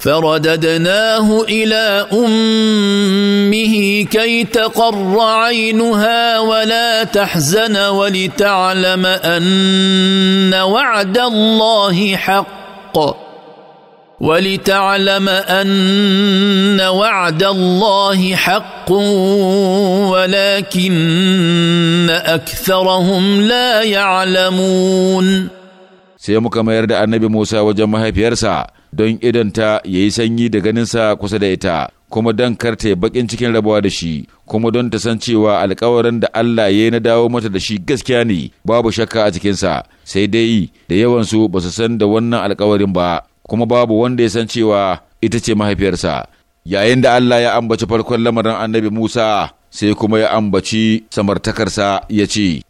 فرددناه الى امه كي تقر عينها ولا تحزن ولتعلم ان وعد الله حق ولتعلم ان وعد الله حق ولكن اكثرهم لا يعلمون sai muka mayar da annabi Musa wajen mahaifiyarsa don idanta ya yi sanyi da ganinsa kusa da ita, kuma don karta bakin cikin rabuwa da shi, kuma don ta san cewa alkawarin da Allah ya yi na dawo mata da shi gaskiya ne babu shakka a cikinsa, sai dai da yawansu ba su san da wannan alkawarin ba, kuma babu wanda ya san cewa ita ce mahaifiyarsa. Yayin da Allah ya ambaci farkon lamarin annabi Musa sai kuma ya ambaci samartakarsa ya ce,